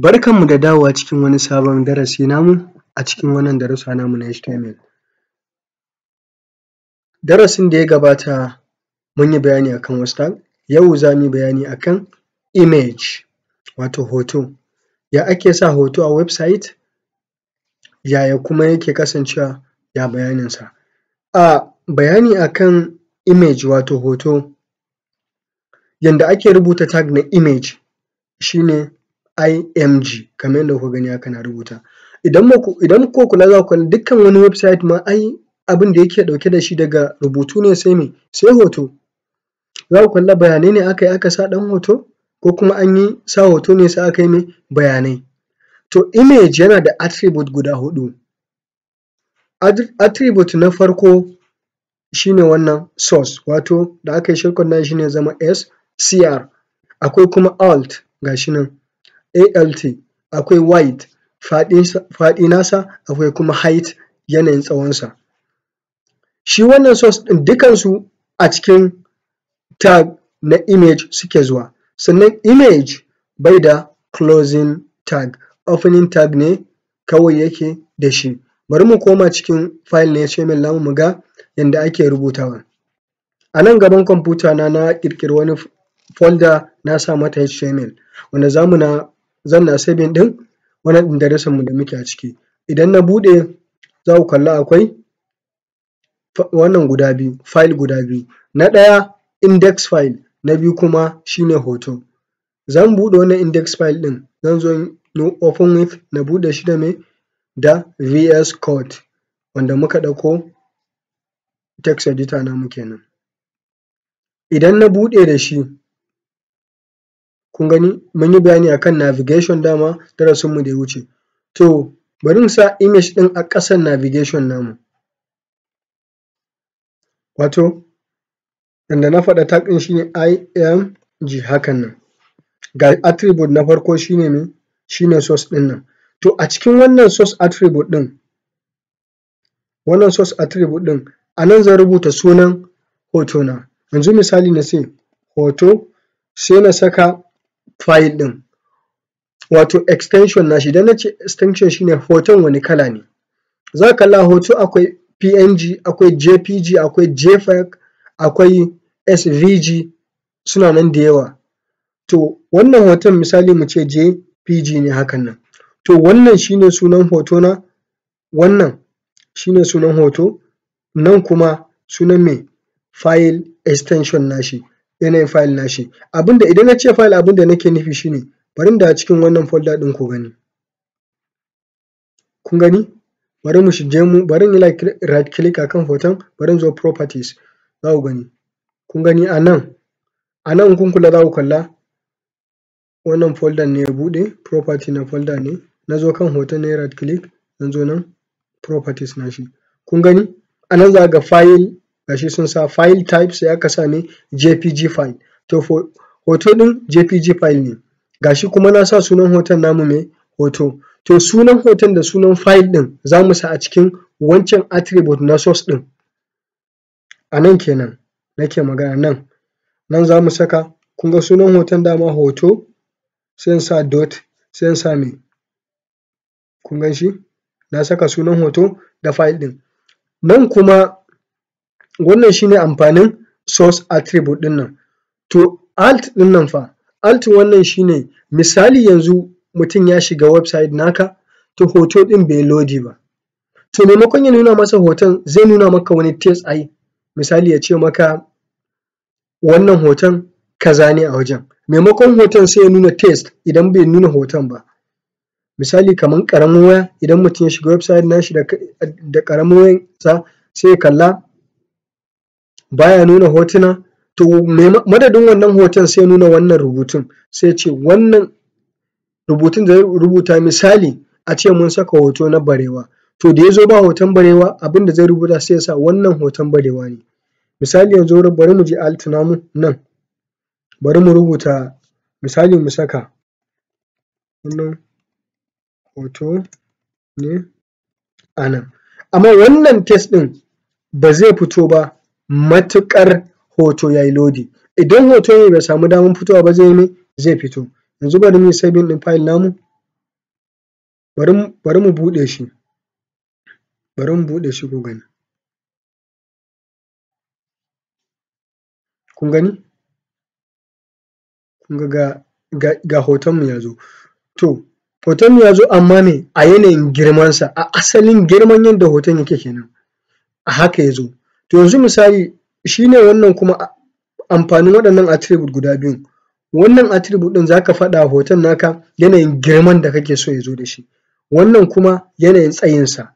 Barkanmu da dawowa cikin wani sabon darasi namu a cikin wannan darussa namu na HTML. Darasin da ya gabata mun yi bayani a kan wasu tag, yau za mu yi bayani a kan image, wato hoto. Ya ake sa hoto a website? Yaya kuma yake kasancewa? Ya bayaninsa? A bayani a kan image wato hoto, yanda ake rubuta tag na image shi ne img kamar yadda kuka gani haka na rubuta idan ko kula za ku dukkan wani website ma ai abin da yake ɗauke da shi daga rubutu ne sai me sai hoto za ku kalla bayanai ne aka yi aka sa ɗan hoto ko kuma an yi sa hoto ne sai aka yi me bayanai to image yana da attribute guda huɗu attribute na farko shi wannan source wato da aka yi shirkon nan shi ne ya zama scr akwai kuma alt ga shi nan alt akwai wide faɗi nasa akwai kuma height yanayin tsawonsa shi wannan source ɗin dukansu a cikin tag na image suke zuwa sannan image bai da closing tag opening tag ne kawai yake da shi bari mu koma cikin file na html namu mu ga yanda ake rubutawa a nan gaban kwamfuta na na ƙirƙiri wani folder na sa mata html wanda za na zan na saving ɗin wannan ɗin darasin mu da muke a ciki. Idan na bude za ku kalla akwai wannan guda biyu file guda biyu. Na ɗaya index file na biyu kuma shine hoto. Zan buɗe wannan index file ɗin zan zo in open with na buɗe shi da me da VS code wanda muka ɗauko text editor namu kenan. Idan na buɗe da shi Kun gani mun yi bayani akan navigation dama darasin mu da ya wuce. To bari mu sa image ɗin a ƙasan navigation namu. Wato yanda na faɗa tag ɗin shi ne img hakan nan. Ga attribute na farko shi ne me? source ɗin nan. To a cikin wannan source attribute ɗin, wannan source attribute ɗin a nan zan rubuta sunan hotona. Yanzu misali na ce hoto sai na saka Fayil ɗin wato extension nashi idan nace ce extension shine hoton wani kala ne za ka kalla hoto akwai png akwai jpg akwai jpeg akwai svg suna nan da yawa to wannan hoton misali mu ce jpg ne hakan nan to wannan shine sunan hoto na wannan shine sunan hoto nan kuma sunan me file extension nashi yanayin file nashi. Abinda idan na ce file abinda nake nufi shi ne bari da dawo cikin wannan folda ɗin ku gani. Kun gani? Bari mu shige mu, bari in yi right click a hoton, bari mu zo properties za ku gani. Kun gani a nan, a nan in kun kula za ku kalla wannan folder ne ya buɗe, property na folda ne, na zo kan hoton na yi right click, na zo nan properties nashi. Kun gani? A nan za ga fayil. gashi sun sa file type sai aka sa ne jpg file to hoto din jpg file ne gashi kuma na sa sunan hoton namu mai hoto to sunan hoton da sunan file ɗin za mu sa a cikin wancan attribute na source ɗin a nan kenan nake magana nan nan za mu saka kun ga sunan hoton dama hoto sai in sa dot sai in sa mai kun gan shi na saka sunan hoto da file ɗin nan kuma Wannan shi ne amfanin source attribute ɗin nan. To alt ɗin nan fa, alt wannan shi ne misali yanzu mutum ya shiga website naka, to hoto ɗin bai lodi ba, to maimakon ya nuna masa hoton zai nuna maka wani text ai, misali ya ce maka wannan hoton kaza ne a wajen, maimakon hoton sai ya nuna text idan bai nuna hoton ba. Misali kaman ƙaramin waya idan mutum ya shiga website nashi da ƙaramin wayansa sai ya kalla baya nuna hotuna to madadin wannan hoton sai ya nuna wannan rubutun sai ce wannan rubutun da ya rubuta misali a ce mun saka hoto na barewa to da ya zo ba hoton barewa abin da zai rubuta sai ya sa wannan hoton barewa ne misali yanzu bari mu je alt namu nan bari mu rubuta misali mu saka wannan hoto ne a nan amma wannan test ɗin ba zai fito ba matuƙar hoto yayi lodi. Idan hoto ne bai samu daman fitowa ba zai me zai fito. Yanzu bari yi saving ɗin file namu bari mu buɗe shi bari mu buɗe shi ku gani. Kun gani? Kun ga ga hoton mu ya zo. To hoton mu ya zo amma me a yanayin girman sa a asalin girman yanda hoton yake kenan a haka ya zo. To yanzu misali shi ne wannan kuma amfanin waɗannan attribute guda biyun. Wannan attribute ɗin za ka faɗa a hoton naka yanayin girman da kake so ya zo da shi, wannan kuma yanayin tsayinsa.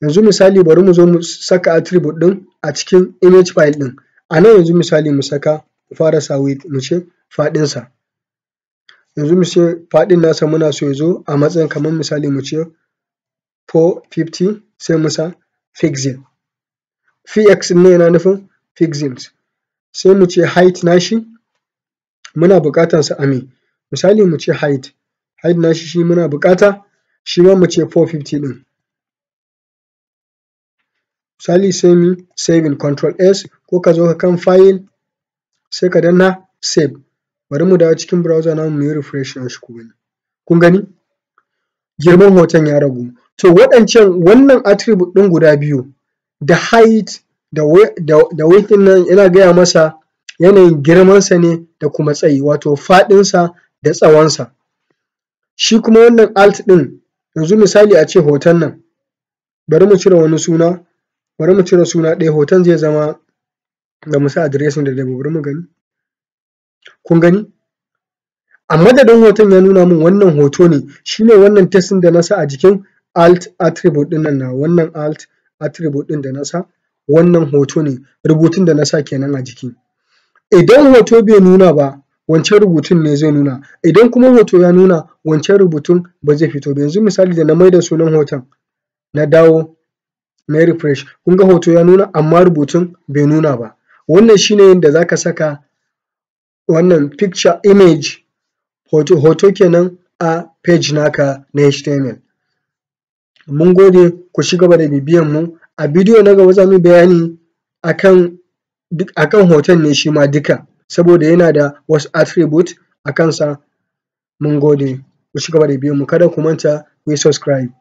Yanzu misali bari mu zo mu saka attribute ɗin a cikin image file ɗin. A nan yanzu misali mu saka fara sa width mu ce faɗinsa, yanzu mu ce faɗin nasa muna so ya zo a matsayin kamar misali mu ce 450 sai mu sa pixel. px ne yana nufin pixels sai mu ce height nashi muna buƙatar sa a me misali mu ce height height nashi shi muna buƙata shi ma mu ce 450 ɗin misali sai mu saving control s ko ka zo ka kan file sai ka danna save bari mu dawo cikin browser namu mu yi refresh na shi kuma gani kun gani girman hoton ya ragu to waɗancan wannan attribute ɗin guda biyu da height da width nan yana gaya masa yanayin girmansa ne da kuma tsayi wato faɗinsa da tsawonsa. Shi kuma wannan alt ɗin yanzu misali a ce hoton nan bari mu cire wani suna bari mu cire suna ɗaya hoton zai zama da mu sa adireshin da bari mu gani. Kun gani? A madadin hoton ya nuna min wannan hoto ne shine wannan text ɗin da na sa a jikin alt attribute ɗin nan nawa wannan alt attribute ɗin da na sa wannan hoto ne rubutun da na sa kenan a jiki idan hoto bai nuna ba wancan rubutun ne zai nuna idan kuma hoto ya nuna wancan rubutun ba zai fito ba yanzu misali da na maida sunan hoton na dawo na refresh kun ga hoto ya nuna amma rubutun bai nuna ba wannan shine yadda zaka saka wannan picture image hoto hoto kenan a page naka na HTML Mun gode, ku ci gaba da bibiyan mu. A bidiyo na gaba za yi bayani akan akan hoton ne shi ma duka saboda yana da wasu attribute a kansa. Mun gode, ku ci gaba da bibiyan mu. Kada ku manta kuyi subscribe.